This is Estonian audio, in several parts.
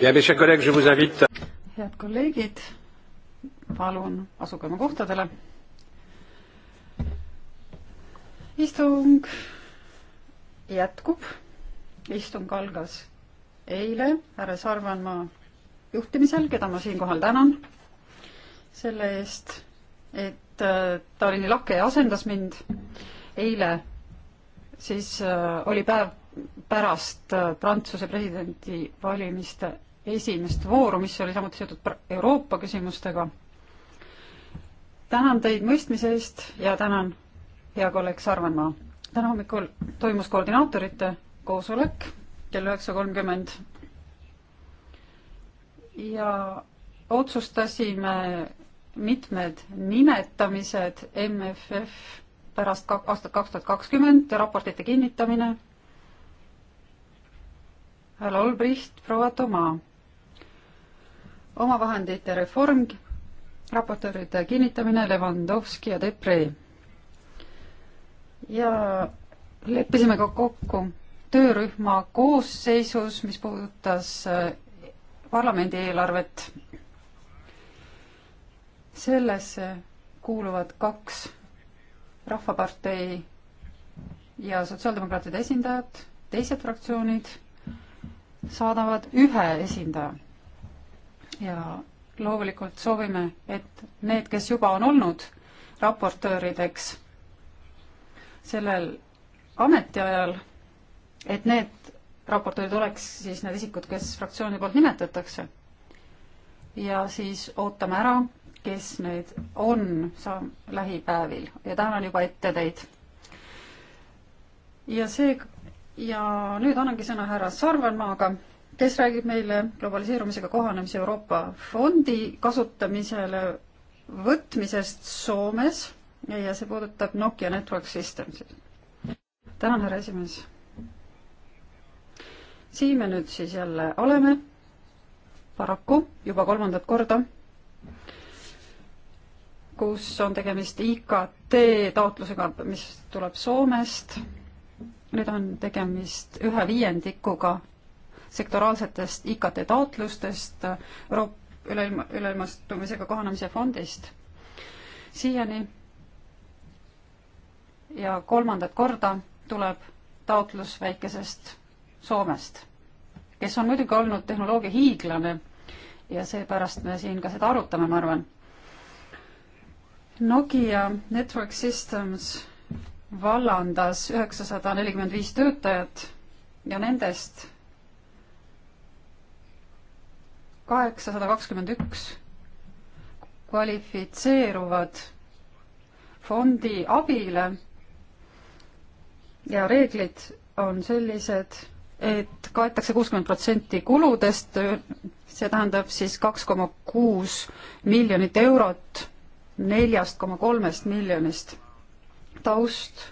head kolleegid, palun asuge oma kohtadele. istung jätkub. istung algas eile härra Sarvanmaa juhtimisel, keda ma siinkohal tänan selle eest, et äh, ta oli nii lahke ja asendas mind. eile siis äh, oli päev pärast äh, Prantsuse presidendi valimiste esimest vooru, mis oli samuti seotud Euroopa küsimustega. tänan teid mõistmise eest ja tänan hea kolleeg Sarvenmaa. täna hommikul toimus koordinaatorite koosolek kell üheksa kolmkümmend. ja otsustasime mitmed nimetamised MFF pärast aastat kaks tuhat kakskümmend, raportite kinnitamine härra Olbricht, proua Toma omavahendite reform, raportööride kinnitamine, Levandovski ja Depree. ja leppisime ka kokku töörühma koosseisus, mis puudutas äh, parlamendi eelarvet. sellesse kuuluvad kaks Rahvapartei ja Sotsiaaldemokraatide esindajat, teised fraktsioonid saadavad ühe esindaja ja loomulikult soovime, et need, kes juba on olnud raportöörideks sellel ametiajal, et need raportöörid oleks siis need isikud, kes fraktsiooni poolt nimetatakse. ja siis ootame ära, kes need on saa-, lähipäevil ja tänan juba ette teid. ja see, ja nüüd annangi sõna härra Sarvenmaaga kes räägib meile globaliseerumisega kohanemise Euroopa fondi kasutamisele võtmisest Soomes ja see puudutab Nokia Network Systemsi. tänan, härra esimees. siin me nüüd siis jälle oleme, paraku juba kolmandat korda, kus on tegemist IKT taotlusega, mis tuleb Soomest. nüüd on tegemist ühe viiendikuga sektoraalsetest IKT taotlustest, Euroopa üleilma, üleilmastumisega kohanemise fondist siiani ja kolmandat korda tuleb taotlus väikesest Soomest, kes on muidugi olnud tehnoloogia hiiglane ja seepärast me siin ka seda arutame, ma arvan. Nokia Network Systems vallandas üheksasada nelikümmend viis töötajat ja nendest kaheksasada kakskümmend üks kvalifitseeruvad fondi abile ja reeglid on sellised, et kaetakse kuuskümmend protsenti kuludest, see tähendab siis kaks koma kuus miljonit eurot neljast koma kolmest miljonist. taust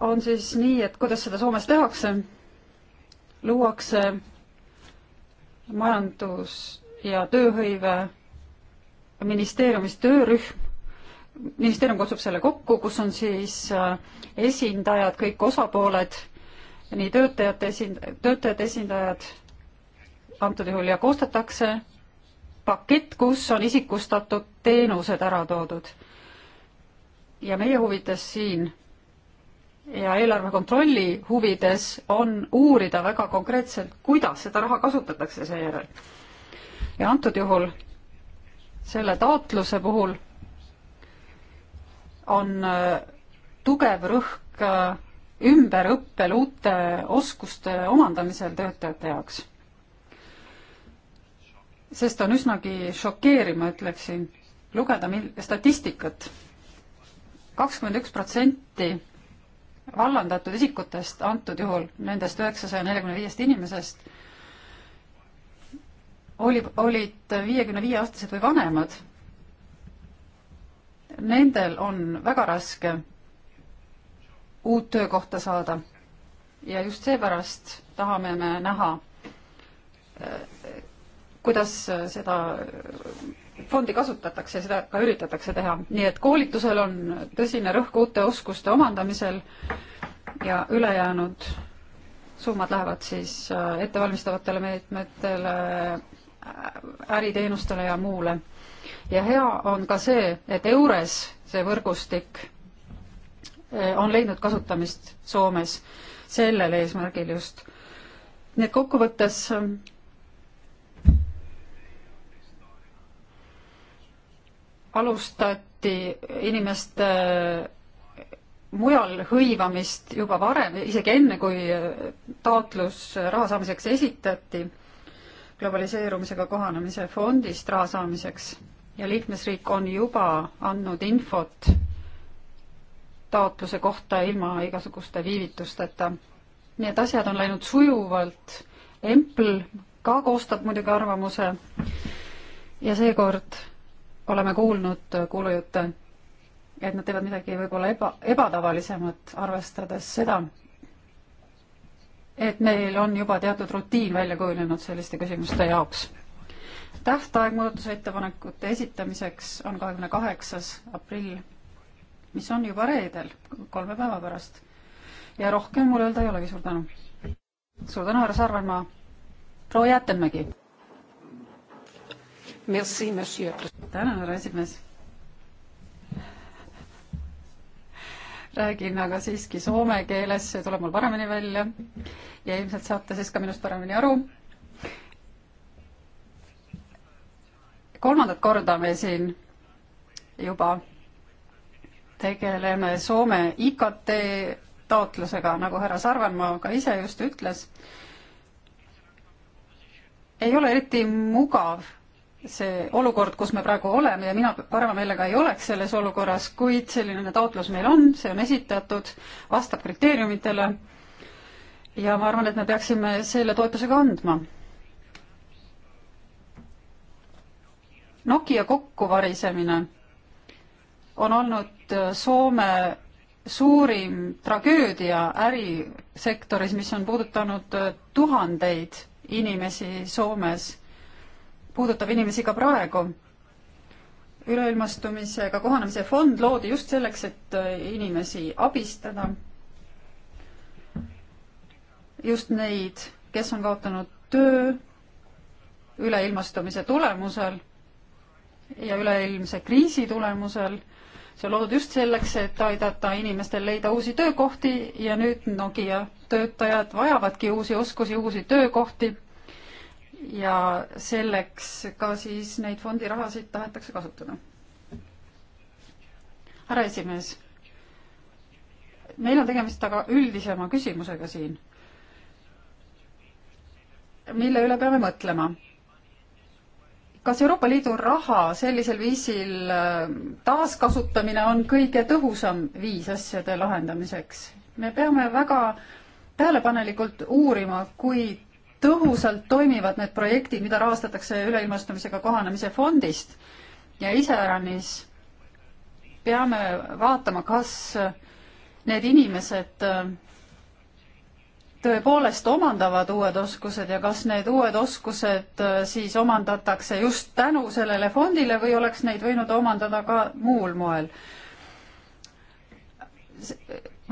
on siis nii, et kuidas seda Soomes tehakse, luuakse majandus- ja tööhõive ministeeriumis töörühm, ministeerium kutsub selle kokku, kus on siis äh, esindajad, kõik osapooled, nii töötajate esind-, töötajate esindajad antud juhul ja koostatakse pakett, kus on isikustatud teenused ära toodud. ja meie huvides siin ja eelarve kontrolli huvides on uurida väga konkreetselt, kuidas seda raha kasutatakse seejärel. ja antud juhul selle taotluse puhul on äh, tugev rõhk äh, ümberõppel uute oskuste omandamisel töötajate jaoks. sest on üsnagi šokeeriv, ma ütleksin, lugeda mil-, statistikat. kakskümmend üks protsenti vallandatud isikutest, antud juhul nendest üheksasaja neljakümne viiest inimesest, oli, olid viiekümne viie aastased või vanemad, nendel on väga raske uut töökohta saada. ja just seepärast tahame me näha, eh, kuidas seda fondi kasutatakse, seda ka üritatakse teha. nii et koolitusel on tõsine rõhk uute oskuste omandamisel ja ülejäänud summad lähevad siis äh, ettevalmistavatele meetmetele, äriteenustele ja muule. ja hea on ka see, et EURES, see võrgustik, äh, on leidnud kasutamist Soomes sellel eesmärgil just. nii et kokkuvõttes alustati inimeste eh, mujal hõivamist juba varem, isegi enne, kui eh, taotlus raha saamiseks esitati, globaliseerumisega kohanemise fondist raha saamiseks ja liikmesriik on juba andnud infot taotluse kohta ilma igasuguste viivitusteta. nii et asjad on läinud sujuvalt, Empl ka koostab muidugi arvamuse ja seekord oleme kuulnud kuulujutte, et nad teevad midagi võib-olla eba, ebatavalisemat, arvestades seda, et meil on juba teatud rutiin välja kujunenud selliste küsimuste jaoks. tähtaeg muudatusettepanekute esitamiseks on kahekümne kaheksas aprill, mis on juba reedel, kolme päeva pärast. ja rohkem mul öelda ei olegi, suur tänu. suur tänu, härra Sarvenmaa. proua Jäätemägi tänan, härra esimees. räägin aga siiski soome keeles, see tuleb mul paremini välja ja ilmselt saate siis ka minust paremini aru. kolmandat korda me siin juba tegeleme Soome IKT taotlusega, nagu härra Sarvenmaa ka ise just ütles. ei ole eriti mugav see olukord, kus me praegu oleme ja mina parema meelega ei oleks selles olukorras, kuid selline taotlus meil on, see on esitatud, vastab kriteeriumitele. ja ma arvan, et me peaksime selle toetuse ka andma. Nokia kokkuvarisemine on olnud Soome suurim tragöödia ärisektoris, mis on puudutanud tuhandeid inimesi Soomes puudutab inimesi ka praegu. üleilmastumisega kohanemise fond loodi just selleks, et äh, inimesi abistada. just neid, kes on kaotanud töö üleilmastumise tulemusel ja üleilmse kriisi tulemusel see on loodud just selleks, et aidata inimestel leida uusi töökohti ja nüüd Nokia töötajad vajavadki uusi oskusi, uusi töökohti ja selleks ka siis neid fondirahasid tahetakse kasutada. härra esimees, meil on tegemist aga üldisema küsimusega siin, mille üle peame mõtlema. kas Euroopa Liidu raha sellisel viisil äh, taaskasutamine on kõige tõhusam viis asjade lahendamiseks? me peame väga tähelepanelikult uurima, kui tõhusalt toimivad need projektid, mida rahastatakse üleilmastumisega kohanemise fondist ja iseäranis peame vaatama, kas need inimesed äh, tõepoolest omandavad uued oskused ja kas need uued oskused äh, siis omandatakse just tänu sellele fondile või oleks neid võinud omandada ka muul moel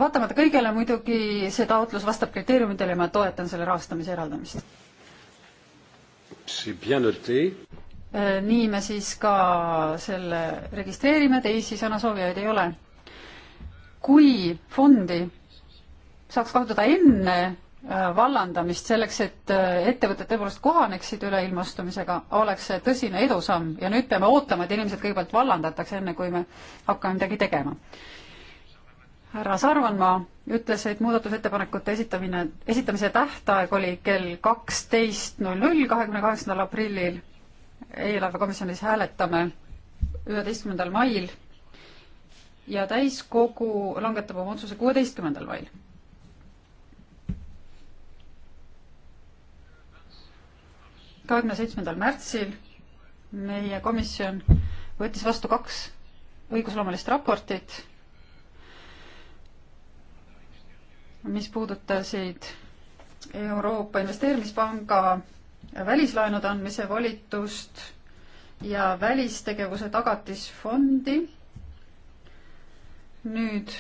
vaatamata kõigele muidugi see taotlus vastab kriteeriumidele ja ma toetan selle rahastamise eraldamist. Äh, nii me siis ka selle registreerime, teisi sõnasoovijaid ei ole. kui fondi saaks kasutada enne äh, vallandamist selleks, et äh, ettevõtted tõepoolest kohaneksid üleilmastumisega, oleks see tõsine edusamm ja nüüd peame ootama, et inimesed kõigepealt vallandatakse, enne kui me hakkame midagi tegema härra Sarvanmaa ütles, et muudatusettepanekute esitamine, esitamise tähtaeg oli kell kaksteist null null, kahekümne kaheksandal aprillil. eelarvekomisjonis hääletame üheteistkümnendal mail ja täiskogu langetab oma otsuse kuueteistkümnendal mail. kahekümne seitsmendal märtsil meie komisjon võttis vastu kaks õigusloomelist raportit mis puudutasid Euroopa Investeerimispanga välislaenude andmise volitust ja välistegevuse tagatisfondi. nüüd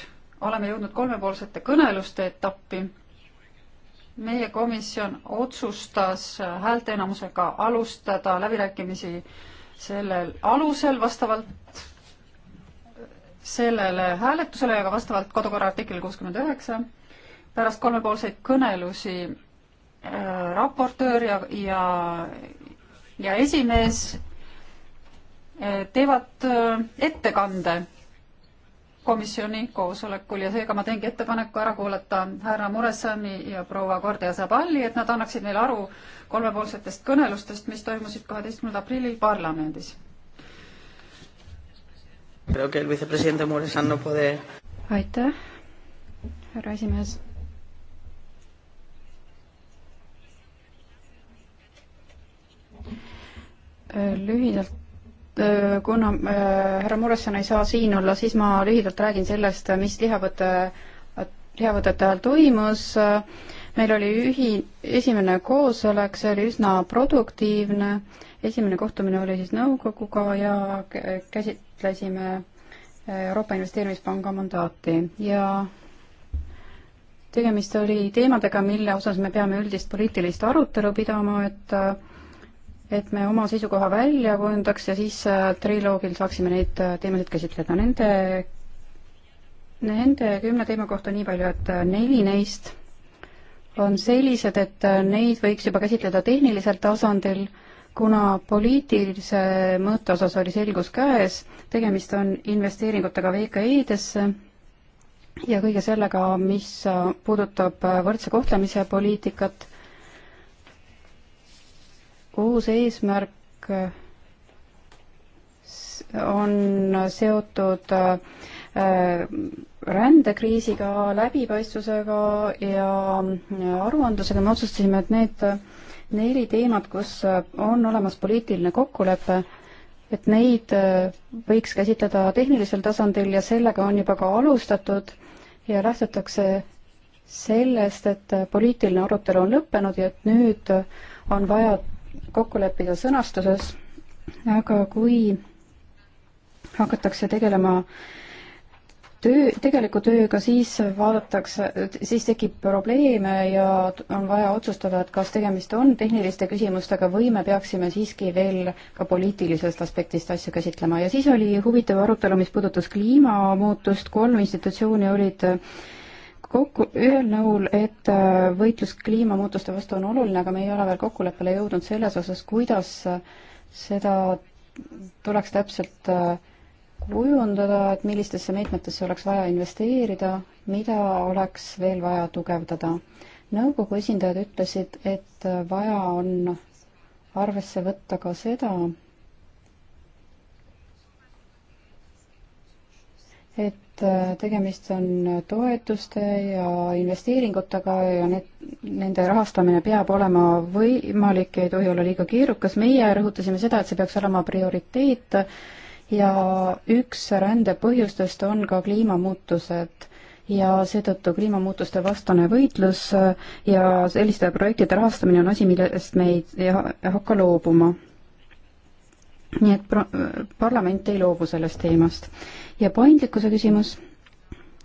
oleme jõudnud kolmepoolsete kõneluste etappi. meie komisjon otsustas häälteenamusega alustada läbirääkimisi sellel alusel vastavalt sellele hääletusele ja ka vastavalt kodukorra artiklile kuuskümmend üheksa pärast kolmepoolseid kõnelusi äh, raportöör ja, ja, ja esimees äh, teevad äh, ettekande komisjoni koosolekul ja seega ma teengi ettepaneku ära kuulata härra Muressani ja proua Kordia Zabali, et nad annaksid meile aru kolmepoolsetest kõnelustest, mis toimusid kaheteistkümnendal aprillil parlamendis. aitäh, härra esimees lühidalt, äh, kuna äh, härra Muresson ei saa siin olla, siis ma lühidalt räägin sellest, mis lihavõtte, lihavõtete ajal toimus. meil oli ühi-, esimene koosolek, see oli üsna produktiivne. esimene kohtumine oli siis nõukoguga ja käsitlesime äh, Euroopa Investeerimispanga mandaati ja tegemist oli teemadega, mille osas me peame üldist poliitilist arutelu pidama, et et me oma seisukoha välja kujundaks ja siis äh, triloogil saaksime neid äh, teemasid käsitleda. Nende, nende kümne teema kohta nii palju, et äh, neli neist on sellised, et neid võiks juba käsitleda tehnilisel tasandil, kuna poliitilise mõõte osas oli selgus käes, tegemist on investeeringutega VKI-desse ja kõige sellega, mis puudutab võrdse kohtlemise poliitikat uus eesmärk on seotud äh, rändekriisiga, läbipaistvusega ja aruandlusega, me otsustasime, et need neli teemat, kus on olemas poliitiline kokkulepe, et neid äh, võiks käsitleda tehnilisel tasandil ja sellega on juba ka alustatud ja lähtutakse sellest, et poliitiline arutelu on lõppenud ja et nüüd on vaja kokku leppida sõnastuses, aga kui hakatakse tegelema töö, tegeliku tööga, siis vaadatakse, siis tekib probleeme ja on vaja otsustada, et kas tegemist on tehniliste küsimustega või me peaksime siiski veel ka poliitilisest aspektist asju käsitlema ja siis oli huvitav arutelu, mis puudutas kliimamuutust, kolm institutsiooni olid äh, kokku, ühel nõul, et äh, võitlus kliimamuutuste vastu on oluline, aga me ei ole veel kokkuleppele jõudnud selles osas, kuidas äh, seda tuleks täpselt äh, kujundada, et millistesse meetmetesse oleks vaja investeerida, mida oleks veel vaja tugevdada. nõukogu esindajad ütlesid, et vaja on arvesse võtta ka seda, et äh, tegemist on toetuste ja investeeringutega ja need, nende rahastamine peab olema võimalik ja ei tohi olla liiga keerukas. meie rõhutasime seda, et see peaks olema prioriteet ja üks rände põhjustest on ka kliimamuutused ja seetõttu kliimamuutuste vastane võitlus äh, ja selliste projektide rahastamine on asi, millest me ei hakka loobuma. nii et pro-, äh, parlament ei loobu sellest teemast ja paindlikkuse küsimus,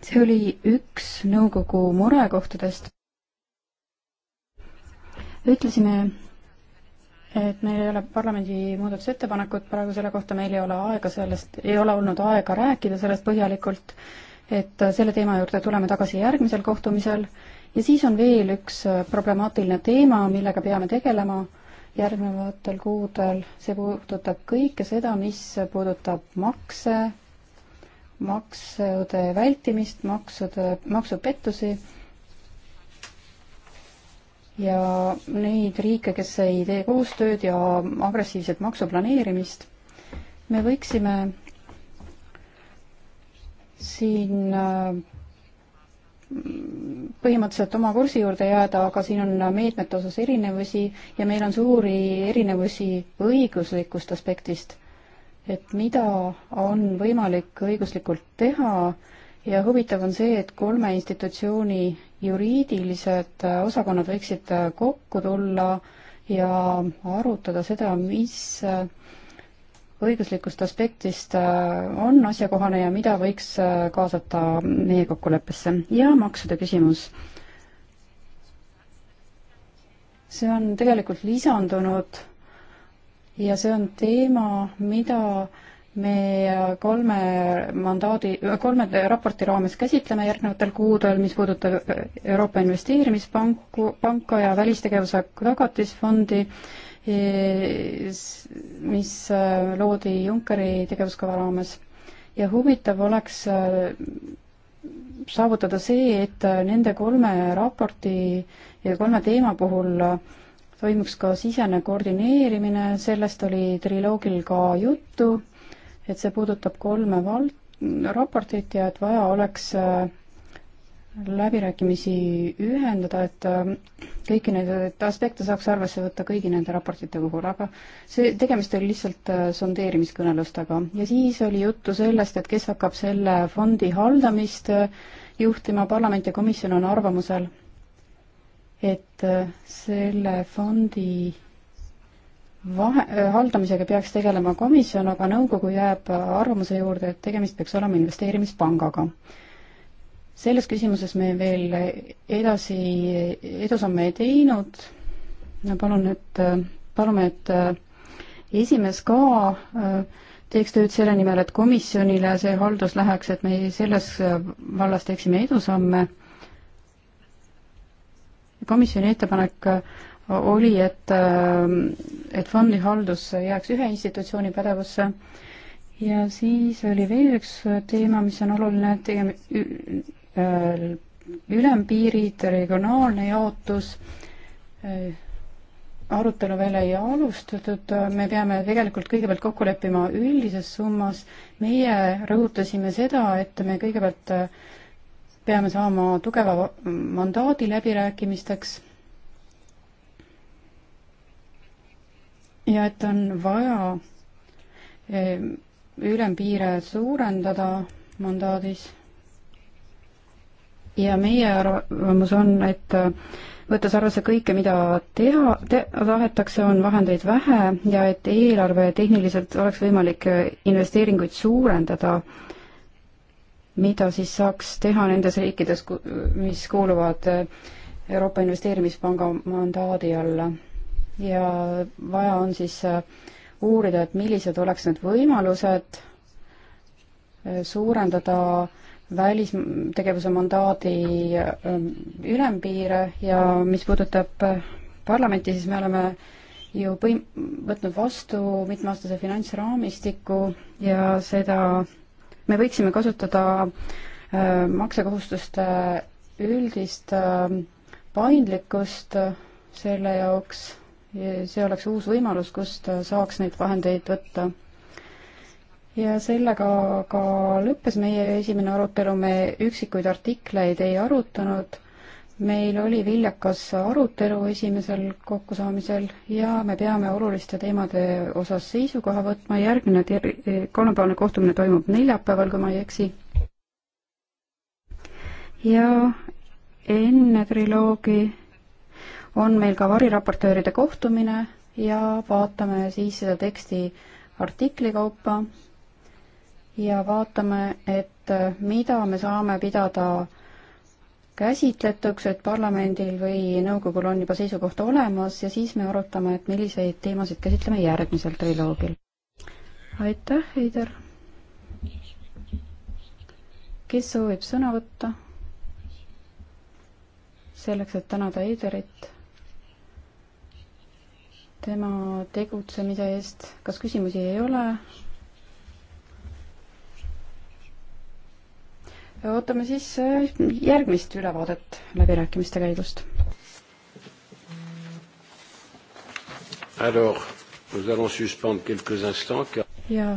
see oli üks nõukogu murekohtadest. ütlesime, et meil ei ole parlamendi muudatusettepanekut praegu selle kohta, meil ei ole aega sellest, ei ole olnud aega rääkida sellest põhjalikult, et selle teema juurde tuleme tagasi järgmisel kohtumisel ja siis on veel üks problemaatiline teema, millega peame tegelema järgnevatel kuudel, see puudutab kõike seda, mis puudutab makse, maksude vältimist, maksude, maksupettusi ja neid riike, kes ei tee koostööd ja agressiivset maksuplaneerimist. me võiksime siin äh, põhimõtteliselt oma kursi juurde jääda, aga siin on meetmete osas erinevusi ja meil on suuri erinevusi õiguslikust aspektist et mida on võimalik õiguslikult teha ja huvitav on see, et kolme institutsiooni juriidilised osakonnad võiksid kokku tulla ja arutada seda, mis õiguslikust aspektist on asjakohane ja mida võiks kaasata meie kokkuleppesse. ja maksude küsimus. see on tegelikult lisandunud ja see on teema, mida me kolme mandaadi, kolme raporti raames käsitleme järgnevatel kuudel, mis puudutab Euroopa Investeerimispanku, panka ja välistegevuse tagatisfondi, e, mis e, loodi Junckeri tegevuskava raames. ja huvitav oleks e, saavutada see, et nende kolme raporti ja kolme teema puhul äh, toimuks ka sisene koordineerimine, sellest oli triloogil ka juttu, et see puudutab kolme vald-, raportit ja et vaja oleks äh, läbirääkimisi ühendada, et äh, kõiki neid, et aspekte saaks arvesse võtta kõigi nende raportite puhul, aga see, tegemist oli lihtsalt äh, sondeerimiskõnelustega. ja siis oli juttu sellest, et kes hakkab selle fondi haldamist juhtima, parlament ja komisjon on arvamusel, et äh, selle fondi vahe, äh, haldamisega peaks tegelema komisjon, aga nõukogu jääb arvamuse juurde, et tegemist peaks olema investeerimispangaga. selles küsimuses me veel edasi edusamme ei teinud. palun, et, äh, palume, et esimees ka teeks tööd selle nimel, et komisjonile see haldus läheks, et me selles vallas teeksime edusamme komisjoni ettepanek oli, et, ähm, et fondihaldus jääks ühe institutsiooni pädevusse ja siis oli veel üks teema, mis on oluline, tegem-, äh, ülempiirid, regionaalne jaotus, äh, arutelu veel ei alustatud, me peame tegelikult kõigepealt kokku leppima üldises summas, meie rõhutasime seda, et me kõigepealt äh, peame saama tugeva mandaadi läbirääkimisteks ja et on vaja eh, ülempiire suurendada mandaadis ja meie arvamus on, et eh, võttes arvesse kõike, mida teha te,, tahetakse, on vahendeid vähe ja et eelarve tehniliselt oleks võimalik eh, investeeringuid suurendada äh, mida siis saaks teha nendes riikides, mis kuuluvad äh, Euroopa Investeerimispanga mandaadi alla. ja vaja on siis äh, uurida, et millised oleks need võimalused äh, suurendada välistegevuse mandaadi ülempiire ja mis puudutab parlamenti, siis me oleme ju põim-, võtnud vastu mitmeaastase finantsraamistiku ja seda me võiksime kasutada äh, maksekohustuste üldist äh, paindlikkust äh, selle jaoks, see oleks uus võimalus, kust saaks neid vahendeid võtta. ja sellega ka lõppes meie esimene arutelu, me üksikuid artikleid ei arutanud meil oli viljakas arutelu esimesel kokkusaamisel ja me peame oluliste teemade osas seisukoha võtma. järgmine kolmapäevane kohtumine toimub neljapäeval, kui ma ei eksi. ja enne triloogi on meil ka variraportööride kohtumine ja vaatame siis seda teksti artikli kaupa ja vaatame, et mida me saame pidada käsitletuks, et parlamendil või nõukogul on juba seisukoht olemas ja siis me arutame, et milliseid teemasid käsitleme järgmisel triloogil. aitäh, Heider! kes soovib sõna võtta? selleks, et tänada Heiderit tema tegutsemise eest, kas küsimusi ei ole? ootame siis äh, järgmist ülevaadet läbirääkimiste käigust. ja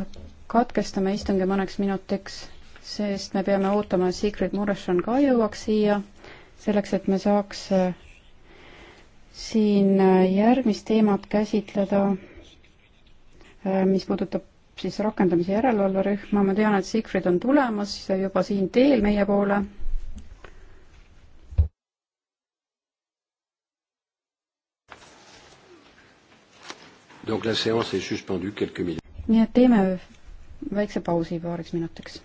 katkestame istungi mõneks minutiks, sest me peame ootama, et Sigrid Murešan ka jõuaks siia, selleks et me saaks äh, siin äh, järgmist teemat käsitleda, mis puudutab siis rakendamise järelevalverühma, ma tean, et Siegfried on tulemas juba siin teel meie poole. nii et teeme väikse pausi paariks minutiks